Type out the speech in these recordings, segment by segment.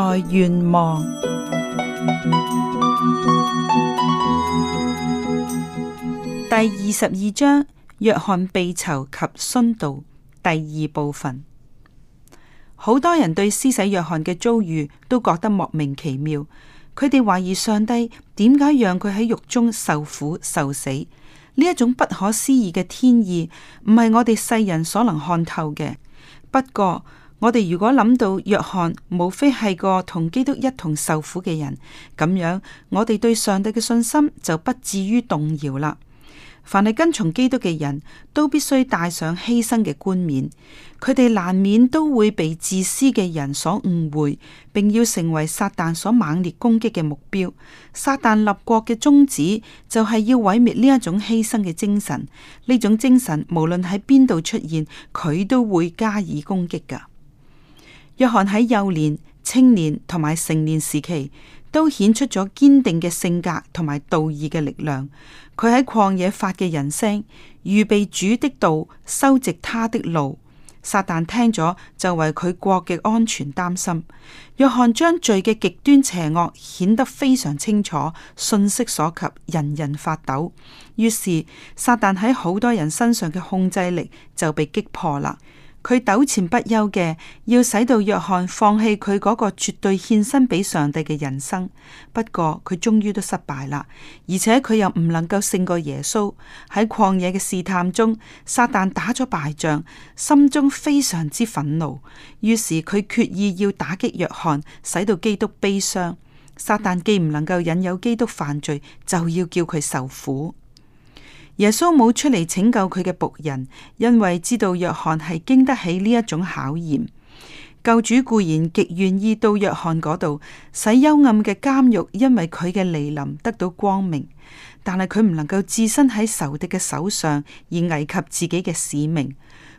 在願望第二十二章，約翰被囚及殉道第二部分，好多人對施洗約翰嘅遭遇都覺得莫名其妙，佢哋懷疑上帝點解讓佢喺獄中受苦受死呢？呢種不可思議嘅天意，唔係我哋世人所能看透嘅。不過，我哋如果諗到約翰無非係個同基督一同受苦嘅人，咁樣我哋對上帝嘅信心就不至於動搖啦。凡係跟從基督嘅人都必須戴上犧牲嘅冠冕，佢哋難免都會被自私嘅人所誤會，並要成為撒旦所猛烈攻擊嘅目標。撒旦立國嘅宗旨就係要毀滅呢一種犧牲嘅精神，呢種精神無論喺邊度出現，佢都會加以攻擊㗎。約翰喺幼年、青年同埋成年時期，都顯出咗堅定嘅性格同埋道義嘅力量。佢喺曠野發嘅人聲，預備主的道，修直他的路。撒旦聽咗就為佢國嘅安全擔心。約翰將罪嘅極端邪惡顯得非常清楚，訊息所及，人人發抖。於是，撒旦喺好多人身上嘅控制力就被擊破啦。佢糾纏不休嘅，要使到約翰放棄佢嗰個絕對獻身俾上帝嘅人生。不過佢終於都失敗啦，而且佢又唔能夠勝過耶穌。喺曠野嘅試探中，撒旦打咗敗仗，心中非常之憤怒。於是佢決意要打擊約翰，使到基督悲傷。撒旦既唔能夠引誘基督犯罪，就要叫佢受苦。耶穌冇出嚟拯救佢嘅僕人，因為知道約翰係經得起呢一種考驗。救主固然極願意到約翰嗰度，使幽暗嘅監獄因為佢嘅蒞臨得到光明，但係佢唔能夠置身喺仇敵嘅手上而危及自己嘅使命。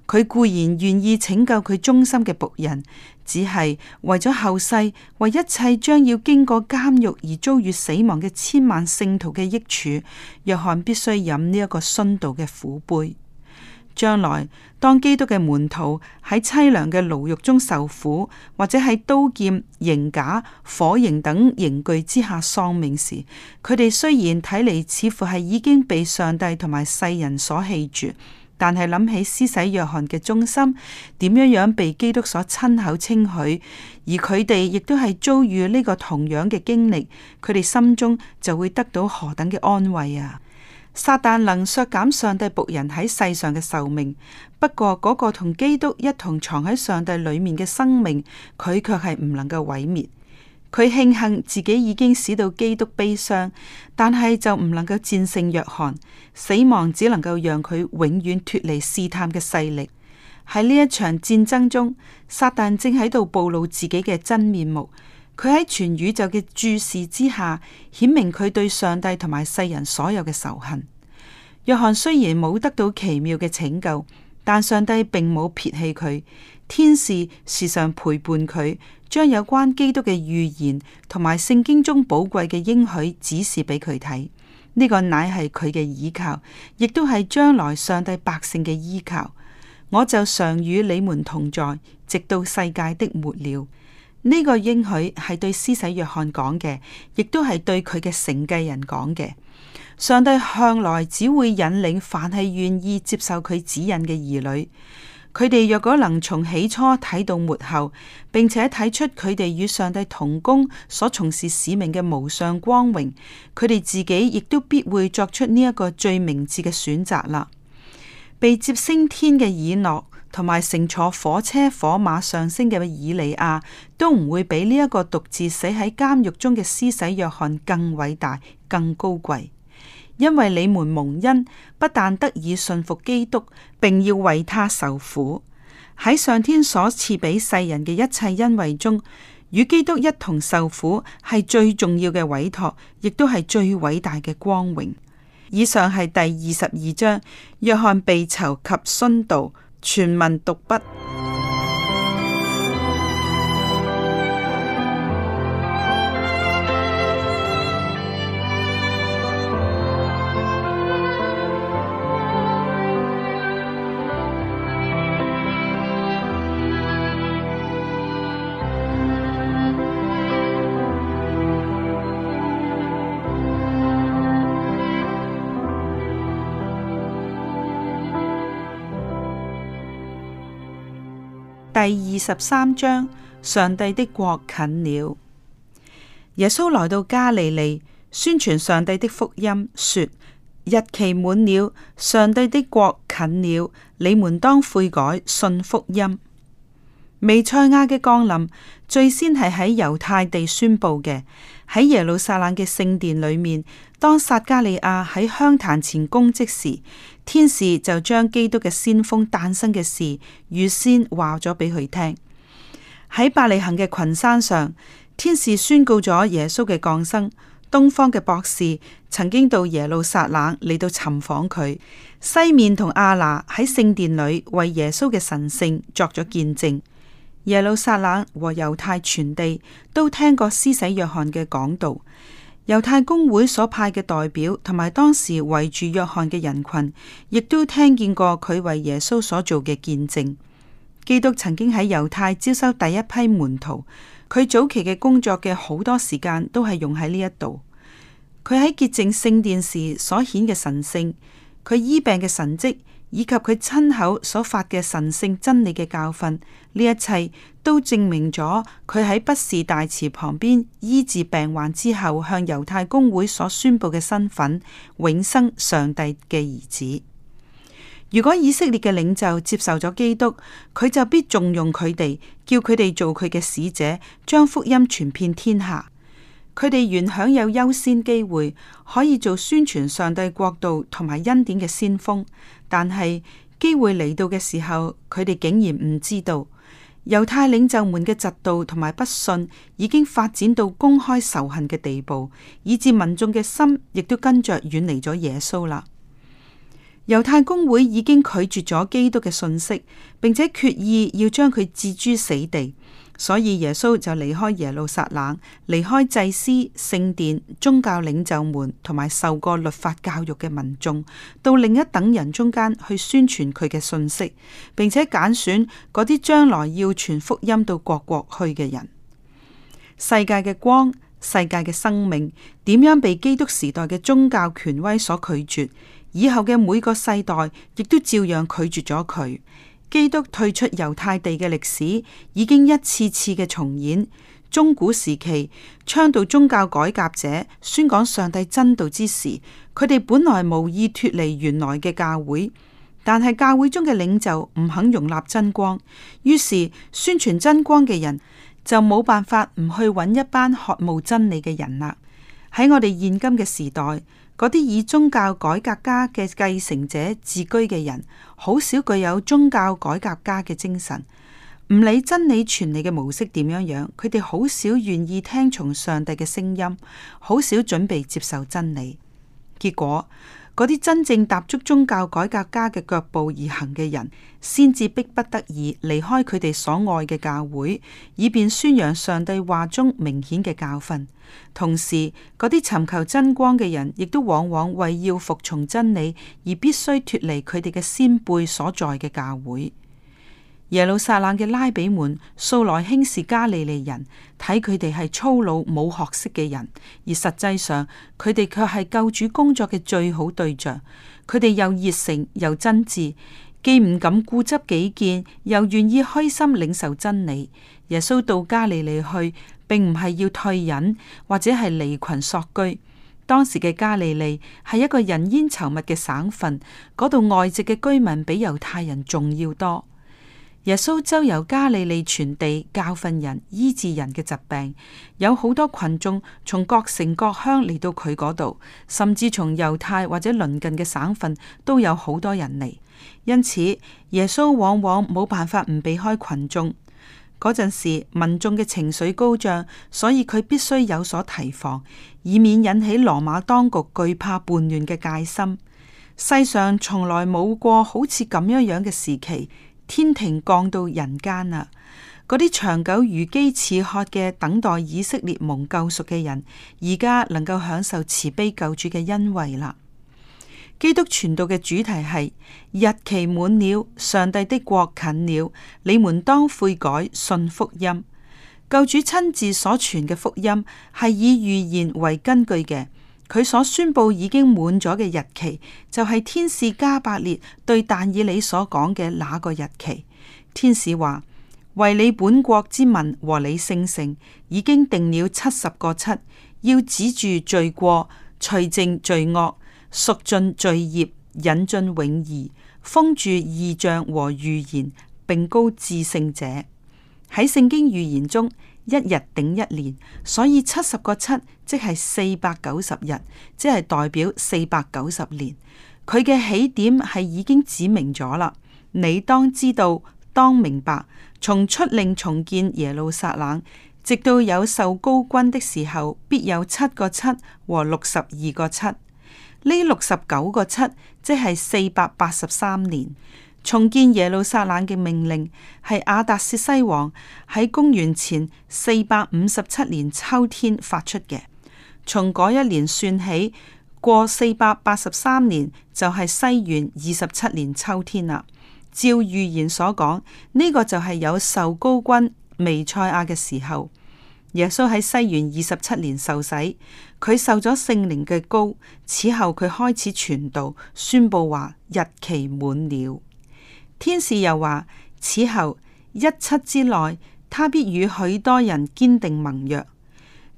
佢固然願意拯救佢忠心嘅僕人，只係為咗後世，為一切將要經過監獄而遭遇死亡嘅千萬聖徒嘅益處。約翰必須飲呢一個殉道嘅苦杯。將來，當基督嘅門徒喺淒涼嘅牢獄中受苦，或者喺刀劍、刑架、火刑等刑具之下喪命時，佢哋雖然睇嚟似乎係已經被上帝同埋世人所棄絕。但係諗起施洗約翰嘅忠心，點樣樣被基督所親口稱許，而佢哋亦都係遭遇呢個同樣嘅經歷，佢哋心中就會得到何等嘅安慰啊！撒旦能削減上帝僕人喺世上嘅壽命，不過嗰個同基督一同藏喺上帝裏面嘅生命，佢卻係唔能夠毀滅。佢慶幸自己已經使到基督悲傷，但係就唔能夠戰勝約翰。死亡只能夠讓佢永遠脫離試探嘅勢力。喺呢一場戰爭中，撒旦正喺度暴露自己嘅真面目。佢喺全宇宙嘅注視之下，顯明佢對上帝同埋世人所有嘅仇恨。約翰雖然冇得到奇妙嘅拯救，但上帝並冇撇棄佢，天使時常陪伴佢。將有關基督嘅預言同埋聖經中寶貴嘅應許指示俾佢睇，呢、這個乃係佢嘅倚靠，亦都係將來上帝百姓嘅依靠。我就常與你們同在，直到世界的末了。呢、這個應許係對施洗約翰講嘅，亦都係對佢嘅承繼人講嘅。上帝向來只會引領凡係願意接受佢指引嘅兒女。佢哋若果能從起初睇到末後，並且睇出佢哋與上帝同工所從事使命嘅無上光榮，佢哋自己亦都必會作出呢一個最明智嘅選擇啦。被接升天嘅以諾，同埋乘坐火車火馬上升嘅以利亞，都唔會比呢一個獨自死喺監獄中嘅施洗約翰更偉大、更高貴。因為你們蒙恩，不但得以信服基督，並要為他受苦。喺上天所賜俾世人嘅一切恩惠中，與基督一同受苦係最重要嘅委託，亦都係最偉大嘅光榮。以上係第二十二章約翰被囚及殉道全文讀畢。第二十三章，上帝的國近了。耶穌來到加利利，宣傳上帝的福音，說：日期滿了，上帝的國近了，你們當悔改，信福音。彌賽亞嘅降臨，最先係喺猶太地宣布嘅，喺耶路撒冷嘅聖殿裏面，當撒加利亞喺香壇前供職時。天使就將基督嘅先鋒誕生嘅事預先話咗俾佢聽。喺伯利恆嘅群山上，天使宣告咗耶穌嘅降生。東方嘅博士曾經到耶路撒冷嚟到尋訪佢。西面同亞拿喺聖殿裏為耶穌嘅神聖作咗見證。耶路撒冷和猶太全地都聽過施洗約翰嘅講道。猶太公會所派嘅代表，同埋當時圍住約翰嘅人群，亦都聽見過佢為耶穌所做嘅見證。基督曾經喺猶太招收第一批門徒，佢早期嘅工作嘅好多時間都係用喺呢一度。佢喺潔淨聖殿時所顯嘅神聖，佢醫病嘅神蹟。以及佢親口所發嘅神聖真理嘅教訓，呢一切都證明咗佢喺畢士大池旁邊醫治病患之後，向猶太公會所宣布嘅身份，永生上帝嘅兒子。如果以色列嘅領袖接受咗基督，佢就必重用佢哋，叫佢哋做佢嘅使者，將福音傳遍天下。佢哋原享有優先機會，可以做宣傳上帝國度同埋恩典嘅先鋒。但係機會嚟到嘅時候，佢哋竟然唔知道，猶太領袖們嘅嫉妒同埋不信已經發展到公開仇恨嘅地步，以至民眾嘅心亦都跟着遠離咗耶穌啦。猶太公會已經拒絕咗基督嘅訊息，並且決意要將佢置諸死地。所以耶穌就離開耶路撒冷，離開祭司、聖殿、宗教領袖們，同埋受過律法教育嘅民眾，到另一等人中間去宣傳佢嘅信息，並且揀選嗰啲將來要傳福音到各國去嘅人。世界嘅光、世界嘅生命，點樣被基督時代嘅宗教權威所拒絕？以後嘅每個世代亦都照樣拒絕咗佢。基督退出猶太地嘅歷史已經一次次嘅重演。中古時期，倡導宗教改革者宣講上帝真道之時，佢哋本來無意脫離原來嘅教會，但係教會中嘅領袖唔肯容納真光，於是宣傳真光嘅人就冇辦法唔去揾一班渴慕真理嘅人啦。喺我哋現今嘅時代。嗰啲以宗教改革家嘅繼承者自居嘅人，好少具有宗教改革家嘅精神。唔理真理傳理嘅模式點樣樣，佢哋好少願意聽從上帝嘅聲音，好少準備接受真理。結果。嗰啲真正踏足宗教改革家嘅腳步而行嘅人，先至迫不得已離開佢哋所愛嘅教會，以便宣揚上帝話中明顯嘅教訓。同時，嗰啲尋求真光嘅人，亦都往往為要服從真理而必須脫離佢哋嘅先輩所在嘅教會。耶路撒冷嘅拉比們素來輕視加利利人，睇佢哋係粗魯冇學識嘅人，而實際上佢哋卻係救主工作嘅最好對象。佢哋又熱誠又真摯，既唔敢固執己見，又願意虛心領受真理。耶穌到加利利去，並唔係要退隱或者係離群索居。當時嘅加利利係一個人煙稠密嘅省份，嗰度外籍嘅居民比猶太人仲要多。耶穌周遊加利利全地，教訓人、醫治人嘅疾病，有好多群眾從各城各鄉嚟到佢嗰度，甚至從猶太或者鄰近嘅省份都有好多人嚟。因此，耶穌往往冇辦法唔避開群眾。嗰陣時，民眾嘅情緒高漲，所以佢必須有所提防，以免引起羅馬當局懼怕叛亂嘅戒心。世上從來冇過好似咁樣樣嘅時期。天庭降到人間啊，嗰啲長久如飢似渴嘅等待以色列蒙救贖嘅人，而家能夠享受慈悲救主嘅恩惠啦。基督傳道嘅主題係日期滿了，上帝的國近了，你們當悔改，信福音。救主親自所傳嘅福音係以預言為根據嘅。佢所宣布已經滿咗嘅日期，就係、是、天使加百列對但以理所講嘅那個日期。天使話：為你本國之民和你聖城，已經定了七十個七，要止住罪過，除淨罪惡，贖盡罪孽，引進永義，封住異象和預言，並高至聖者。喺聖經預言中。一日頂一年，所以七十個七即係四百九十日，即係代表四百九十年。佢嘅起點係已經指明咗啦，你當知道，當明白，從出令重建耶路撒冷，直到有受膏君的時候，必有七個七和六十二個七。呢六十九個七即係四百八十三年。重建耶路撒冷嘅命令係亞達薛西王喺公元前四百五十七年秋天發出嘅。從嗰一年算起，過四百八十三年就係西元二十七年秋天啦。照預言所講，呢、這個就係有受膏君彌賽亞嘅時候。耶穌喺西元二十七年受洗，佢受咗聖靈嘅膏，此後佢開始傳道，宣布話日期滿了。天使又話：此後一七之內，他必與許多人堅定盟約。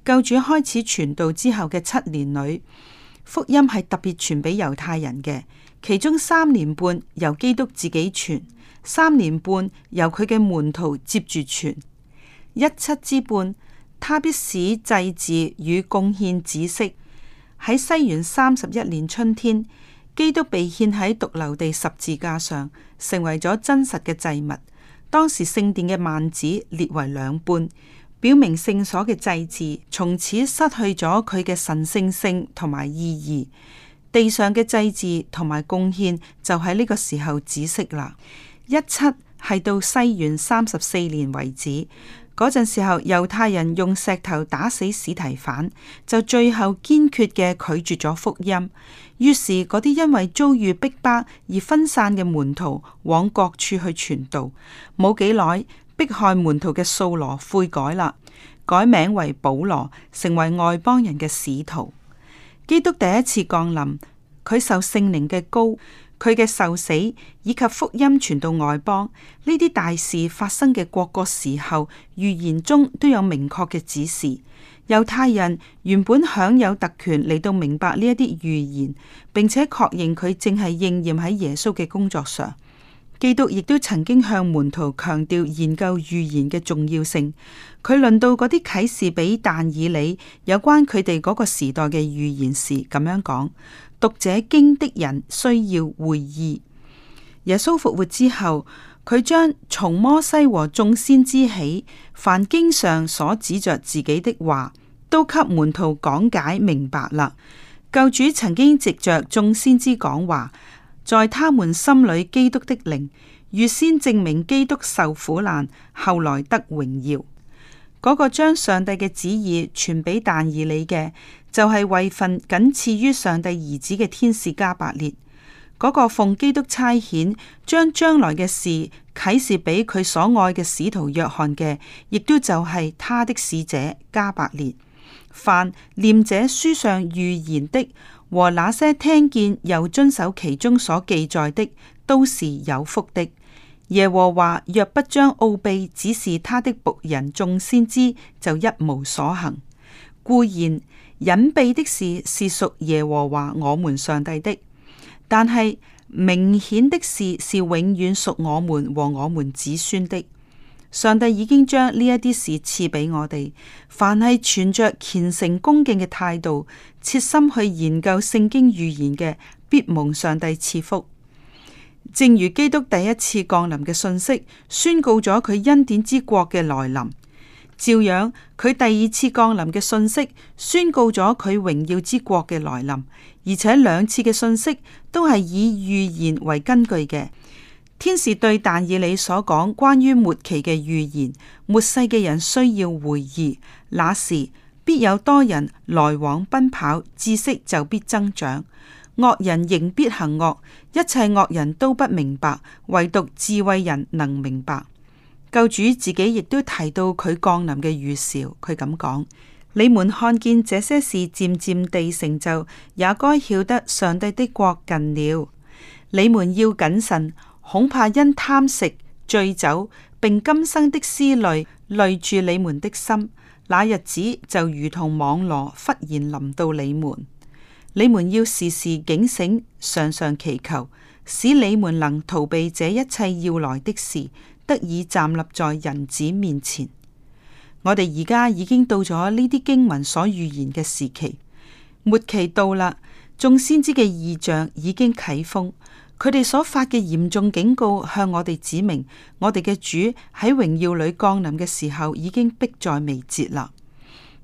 救主開始傳道之後嘅七年裏，福音係特別傳俾猶太人嘅，其中三年半由基督自己傳，三年半由佢嘅門徒接住傳。一七之半，他必使祭祀與貢獻止息。喺西元三十一年春天。基督被獻喺髑髏地十字架上，成為咗真實嘅祭物。當時聖殿嘅幔子裂為兩半，表明聖所嘅祭祀從此失去咗佢嘅神聖性同埋意義。地上嘅祭祀同埋貢獻就喺呢個時候止息啦。一七係到西元三十四年為止。嗰陣時候，猶太人用石頭打死史提反，就最後堅決嘅拒絕咗福音。於是嗰啲因為遭遇逼迫，迫，迫而分散嘅門徒往各處去傳道。冇幾耐，迫害門徒嘅掃羅悔改啦，改名為保羅，成為外邦人嘅使徒。基督第一次降臨，佢受聖靈嘅高。佢嘅受死以及福音傳到外邦，呢啲大事發生嘅各個時候，預言中都有明確嘅指示。猶太人原本享有特權嚟，到明白呢一啲預言，並且確認佢正係應驗喺耶穌嘅工作上。基督亦都曾經向門徒強調研究預言嘅重要性。佢論到嗰啲啟示俾但以理有關佢哋嗰個時代嘅預言時，咁樣講。讀者經的人需要回意。耶穌復活之後，佢將從摩西和眾先知起，凡經上所指着自己的話，都給門徒講解明白啦。救主曾經藉着眾先知講話，在他們心裏基督的靈預先證明基督受苦難，後來得榮耀。嗰個將上帝嘅旨意傳俾但以理嘅，就係位份僅次於上帝兒子嘅天使加百列；嗰、那個奉基督差遣將將來嘅事啟示畀佢所愛嘅使徒約翰嘅，亦都就係他的使者加百列。凡念這書上預言的，和那些聽見又遵守其中所記載的，都是有福的。耶和華若不將奧秘指示他的僕人眾先知，就一無所行。固然，隱秘的事是屬耶和華我們上帝的，但係明顯的事是永遠屬我們和我們子孫的。上帝已經將呢一啲事賜俾我哋。凡係存着虔誠恭敬嘅態度，切心去研究聖經預言嘅，必蒙上帝賜福。正如基督第一次降臨嘅信息宣告咗佢恩典之國嘅來臨，照樣，佢第二次降臨嘅信息宣告咗佢榮耀之國嘅來臨，而且兩次嘅信息都係以預言為根據嘅。天使對但以理所講關於末期嘅預言，末世嘅人需要回憶，那時必有多人來往奔跑，知識就必增長。惡人仍必行惡，一切惡人都不明白，唯獨智慧人能明白。救主自己亦都提到佢降臨嘅預兆，佢咁講：你們看見這些事漸漸地成就，也該曉得上帝的國近了。你們要謹慎，恐怕因貪食、醉酒，並今生的思慮累住你們的心。那日子就如同網羅忽然臨到你們。你們要時時警醒，常常祈求，使你們能逃避這一切要來的事，得以站立在人子面前。我哋而家已經到咗呢啲經文所預言嘅時期，末期到啦，眾先知嘅異象已經啟封，佢哋所發嘅嚴重警告向我哋指明，我哋嘅主喺榮耀裏降臨嘅時候已經迫在眉睫啦。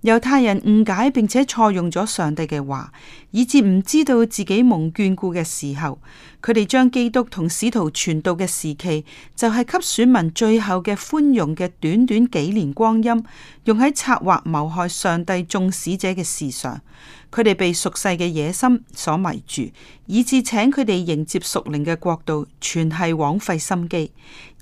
猶太人誤解並且錯用咗上帝嘅話，以致唔知道自己蒙眷顧嘅時候，佢哋將基督同使徒傳道嘅時期，就係給選民最後嘅寬容嘅短短幾年光陰，用喺策劃謀害上帝衆使者嘅事上。佢哋被俗世嘅野心所迷住，以致請佢哋迎接屬靈嘅國度，全係枉費心機。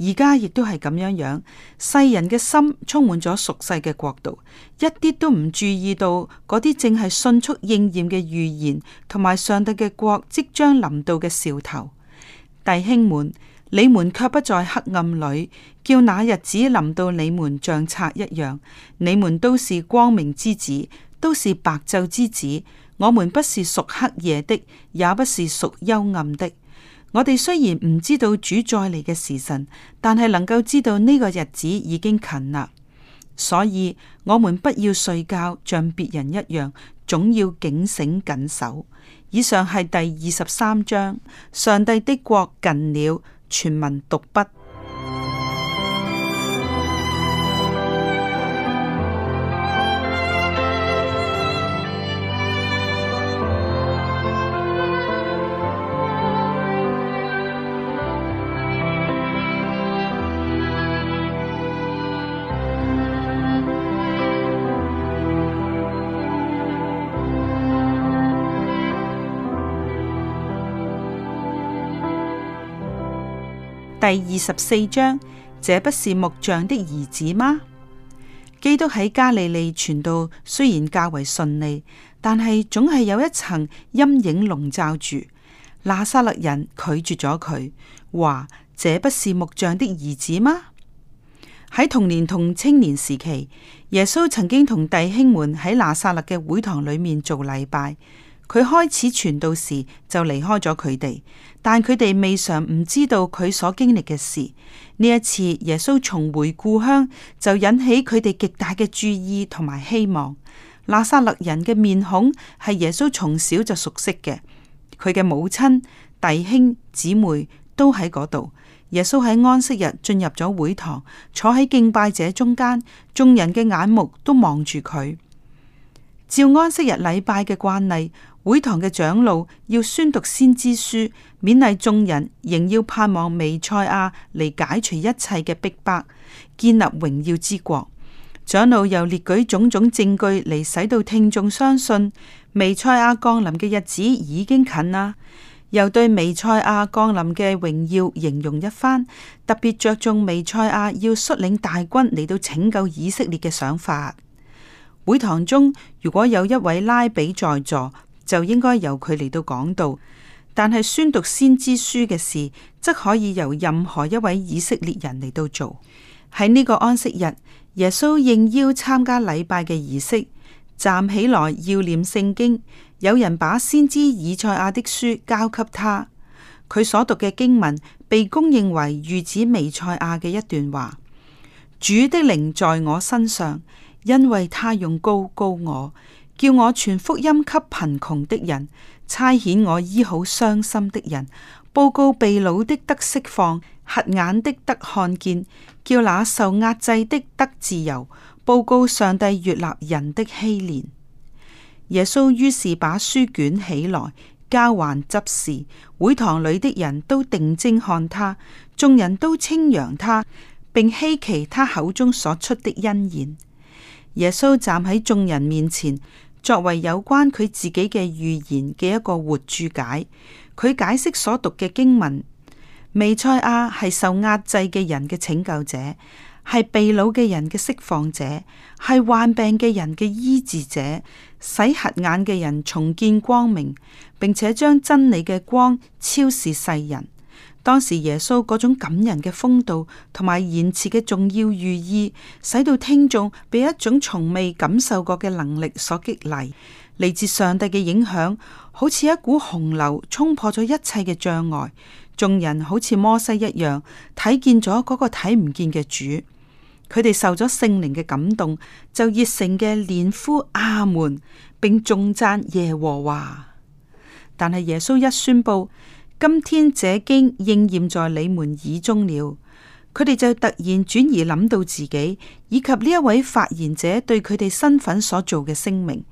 而家亦都係咁樣樣，世人嘅心充滿咗俗世嘅國度，一啲都唔注意到嗰啲正係迅速應驗嘅預言，同埋上帝嘅國即將臨到嘅兆頭。弟兄們，你們卻不在黑暗裏，叫那日子臨到你們像賊一樣。你們都是光明之子。都是白晝之子，我們不是屬黑夜的，也不是屬幽暗的。我哋雖然唔知道主再嚟嘅時辰，但係能夠知道呢個日子已經近啦。所以，我們不要睡覺，像別人一樣，總要警醒緊守。以上係第二十三章，上帝的國近了，全文讀畢。第二十四章，這不是木匠的兒子嗎？基督喺加利利傳道雖然較為順利，但係總係有一層陰影籠罩住。拿撒勒人拒絕咗佢，話，這不是木匠的兒子嗎？喺童年同青年時期，耶穌曾經同弟兄們喺拿撒勒嘅會堂裏面做禮拜。佢開始傳道時就離開咗佢哋，但佢哋未嘗唔知道佢所經歷嘅事。呢一次耶穌重回故鄉，就引起佢哋極大嘅注意同埋希望。拿撒勒人嘅面孔係耶穌從小就熟悉嘅，佢嘅母親、弟兄、姊妹都喺嗰度。耶穌喺安息日進入咗會堂，坐喺敬拜者中間，眾人嘅眼目都望住佢。照安息日禮拜嘅慣例，會堂嘅長老要宣讀先知書，勉勵眾人，仍要盼望彌賽亞嚟解除一切嘅逼迫，建立榮耀之國。長老又列舉種種證據嚟使到聽眾相信彌賽亞降臨嘅日子已經近啦。又對彌賽亞降臨嘅榮耀形容一番，特別着重彌賽亞要率領大軍嚟到拯救以色列嘅想法。會堂中如果有一位拉比在座，就應該由佢嚟到講道，但係宣讀先知書嘅事，則可以由任何一位以色列人嚟到做。喺呢個安息日，耶穌應邀參加禮拜嘅儀式，站起來要念聖經。有人把先知以賽亞的書交給他，佢所讀嘅經文被公認為預指彌賽亞嘅一段話。主的靈在我身上，因為他用膏膏我。叫我傳福音給貧窮的人，差遣我醫好傷心的人，報告被擄的得釋放，瞎眼的得看見，叫那受壓制的得自由，報告上帝悅納人的禧年。耶穌於是把書捲起來交還執事，會堂裏的人都定睛看他，眾人都稱揚他，並希奇他口中所出的恩言。耶穌站喺眾人面前。作為有關佢自己嘅預言嘅一個活注解，佢解釋所讀嘅經文。彌賽亞係受壓制嘅人嘅拯救者，係被擄嘅人嘅釋放者，係患病嘅人嘅醫治者，使瞎眼嘅人重見光明，並且將真理嘅光超視世人。當時耶穌嗰種感人嘅風度同埋言辭嘅重要寓意，使到聽眾被一種從未感受過嘅能力所激勵。嚟自上帝嘅影響，好似一股洪流沖破咗一切嘅障礙。眾人好似摩西一樣，睇見咗嗰個睇唔見嘅主。佢哋受咗聖靈嘅感動，就熱誠嘅連呼阿門，並重讚耶和華。但係耶穌一宣佈今天這經應驗在你們耳中了，佢哋就突然轉而諗到自己以及呢一位發言者對佢哋身份所做嘅聲明。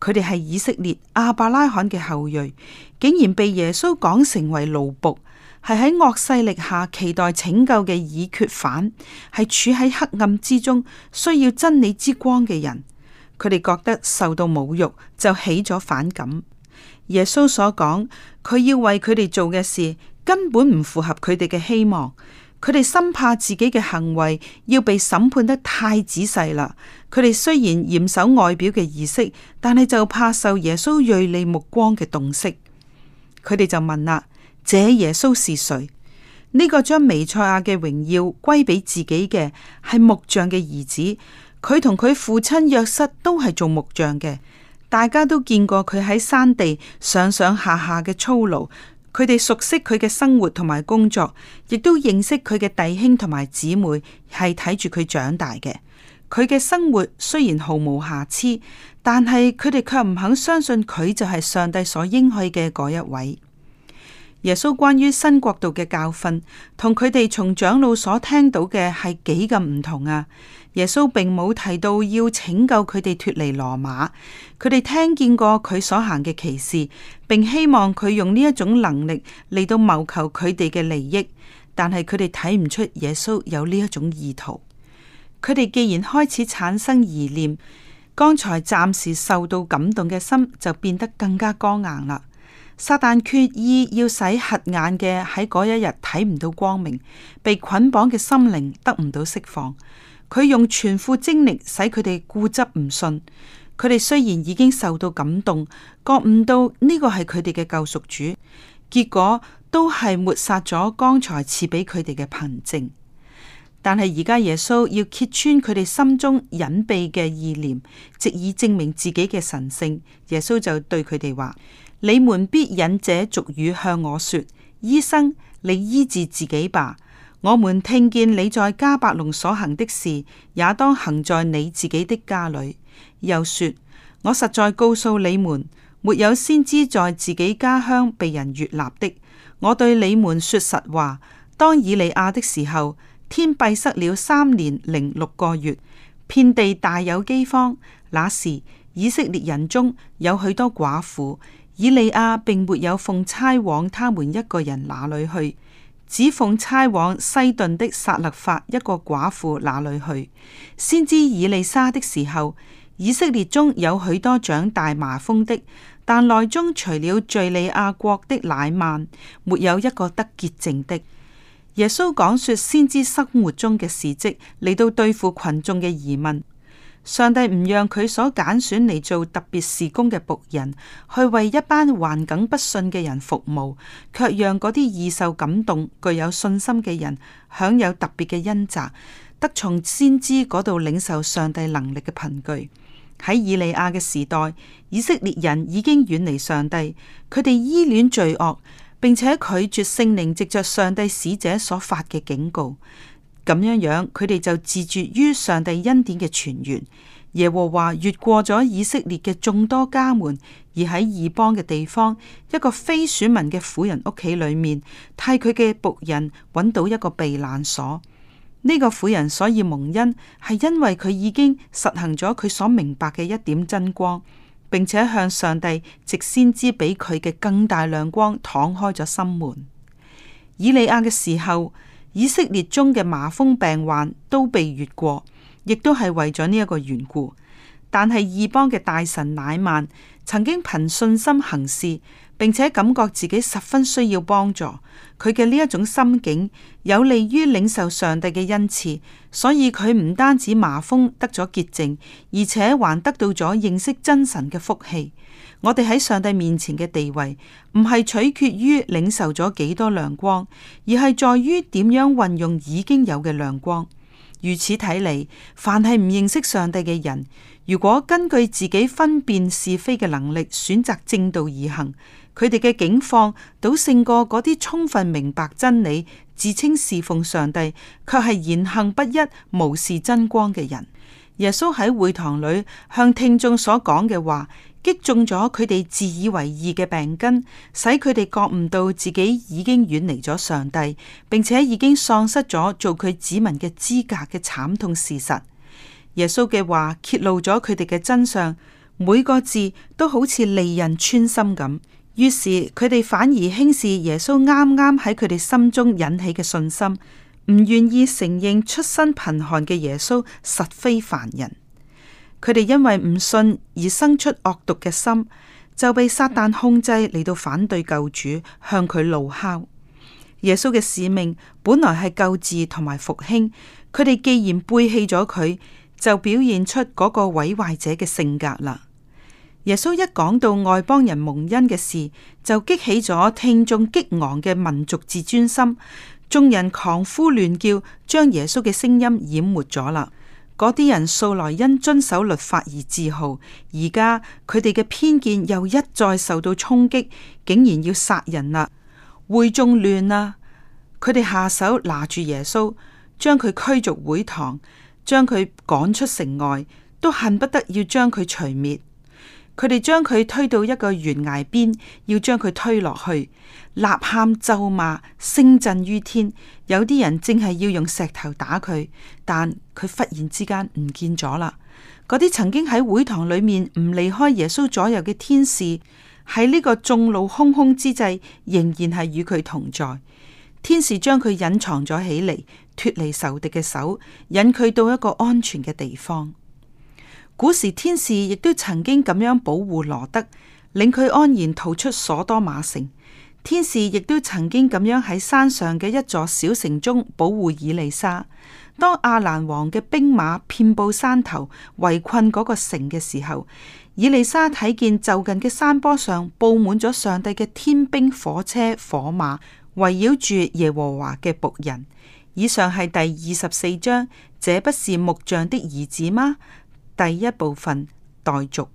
佢哋係以色列亞伯拉罕嘅後裔，竟然被耶穌講成為奴僕，係喺惡勢力下期待拯救嘅已決犯，係處喺黑暗之中需要真理之光嘅人。佢哋覺得受到侮辱，就起咗反感。耶穌所講，佢要為佢哋做嘅事根本唔符合佢哋嘅希望。佢哋深怕自己嘅行為要被審判得太仔細啦。佢哋雖然嚴守外表嘅儀式，但係就怕受耶穌銳利目光嘅洞悉。佢哋就問啦：這耶穌是誰？呢個將彌賽亞嘅榮耀歸俾自己嘅，係木匠嘅兒子。佢同佢父親約瑟都係做木匠嘅。大家都見過佢喺山地上上下下嘅操勞，佢哋熟悉佢嘅生活同埋工作，亦都認識佢嘅弟兄同埋姊妹，係睇住佢長大嘅。佢嘅生活雖然毫無瑕疵，但係佢哋卻唔肯相信佢就係上帝所應許嘅嗰一位。耶穌關於新國度嘅教訓，同佢哋從長老所聽到嘅係幾咁唔同啊！耶穌並冇提到要拯救佢哋脫離羅馬，佢哋聽見過佢所行嘅奇事，並希望佢用呢一種能力嚟到謀求佢哋嘅利益，但係佢哋睇唔出耶穌有呢一種意圖。佢哋既然開始產生疑念，剛才暫時受到感動嘅心就變得更加剛硬啦。撒旦決意要使瞎眼嘅喺嗰一日睇唔到光明，被捆綁嘅心靈得唔到釋放。佢用全副精力使佢哋固執唔信，佢哋雖然已經受到感動，覺悟到呢個係佢哋嘅救贖主，結果都係抹殺咗剛才賜俾佢哋嘅憑證。但係而家耶穌要揭穿佢哋心中隱秘嘅意念，藉以證明自己嘅神聖。耶穌就對佢哋話：你們必引這俗語向我說：醫生，你醫治自己吧。我們聽見你在迦百農所行的事，也當行在你自己的家裏。又說：我實在告訴你們，沒有先知在自己家鄉被人悦納的。我對你們說實話：當以利亞的時候，天閉塞了三年零六個月，遍地大有饑荒。那時，以色列人中有許多寡婦，以利亞並沒有奉差往他們一個人那裏去。只奉差往西頓的撒勒法一個寡婦那裏去。先知以利沙的時候，以色列中有許多長大麻風的，但內中除了敘利亞國的乃曼，沒有一個得潔淨的。耶穌講說先知生活中嘅事跡，嚟到對付群眾嘅疑問。上帝唔讓佢所揀選嚟做特別事工嘅僕人去為一班頑梗不信嘅人服務，卻讓嗰啲易受感動、具有信心嘅人享有特別嘅恩澤，得從先知嗰度領受上帝能力嘅憑據。喺以利亞嘅時代，以色列人已經遠離上帝，佢哋依戀罪惡，並且拒絕聖靈藉着上帝使者所發嘅警告。咁樣樣，佢哋就自絕於上帝恩典嘅泉源。耶和華越過咗以色列嘅眾多家門，而喺異邦嘅地方，一個非選民嘅婦人屋企裏面，替佢嘅僕人揾到一個避難所。呢、這個婦人所以蒙恩，係因為佢已經實行咗佢所明白嘅一點真光，並且向上帝直先知俾佢嘅更大亮光敞開咗心門。以利亞嘅時候。以色列中嘅麻風病患都被越過，亦都係為咗呢一個緣故。但係異邦嘅大臣乃曼曾經憑信心行事，並且感覺自己十分需要幫助。佢嘅呢一種心境有利於領受上帝嘅恩賜，所以佢唔單止麻風得咗潔淨，而且還得到咗認識真神嘅福氣。我哋喺上帝面前嘅地位，唔係取決於領受咗幾多亮光，而係在於點樣運用已經有嘅亮光。如此睇嚟，凡係唔認識上帝嘅人，如果根據自己分辨是非嘅能力選擇正道而行，佢哋嘅境況，都勝過嗰啲充分明白真理、自稱侍奉上帝卻係言行不一、無視真光嘅人。耶穌喺會堂裏向聽眾所講嘅話。擊中咗佢哋自以為義嘅病根，使佢哋覺悟到自己已經遠離咗上帝，並且已經喪失咗做佢子民嘅資格嘅慘痛事實。耶穌嘅話揭露咗佢哋嘅真相，每個字都好似利刃穿心咁。於是佢哋反而輕視耶穌啱啱喺佢哋心中引起嘅信心，唔願意承認出身貧寒嘅耶穌實非凡人。佢哋因為唔信而生出惡毒嘅心，就被撒旦控制嚟到反對救主，向佢怒敲：「耶穌嘅使命本來係救治同埋復興，佢哋既然背棄咗佢，就表現出嗰個毀壞者嘅性格啦。」耶穌一講到外邦人蒙恩嘅事，就激起咗聽眾激昂嘅民族自尊心，眾人狂呼亂叫，將耶穌嘅聲音淹沒咗啦。嗰啲人素來因遵守律法而自豪，而家佢哋嘅偏見又一再受到衝擊，竟然要殺人啦！會眾亂啦，佢哋下手拿住耶穌，將佢驅逐會堂，將佢趕出城外，都恨不得要將佢除滅。佢哋將佢推到一個懸崖邊，要將佢推落去，呐喊咒罵，聲震於天。有啲人正係要用石頭打佢，但佢忽然之間唔見咗啦。嗰啲曾經喺會堂裏面唔離開耶穌左右嘅天使，喺呢個眾怒洶洶之際，仍然係與佢同在。天使將佢隱藏咗起嚟，脱離仇敵嘅手，引佢到一個安全嘅地方。古時天使亦都曾經咁樣保護羅德，令佢安然逃出所多瑪城。天使亦都曾經咁樣喺山上嘅一座小城中保護以利沙。當阿蘭王嘅兵馬遍布山頭，圍困嗰個城嘅時候，以利沙睇見就近嘅山坡上布滿咗上帝嘅天兵火車火馬，圍繞住耶和華嘅僕人。以上係第二十四章，這不是木匠的兒子嗎？第一部分待續。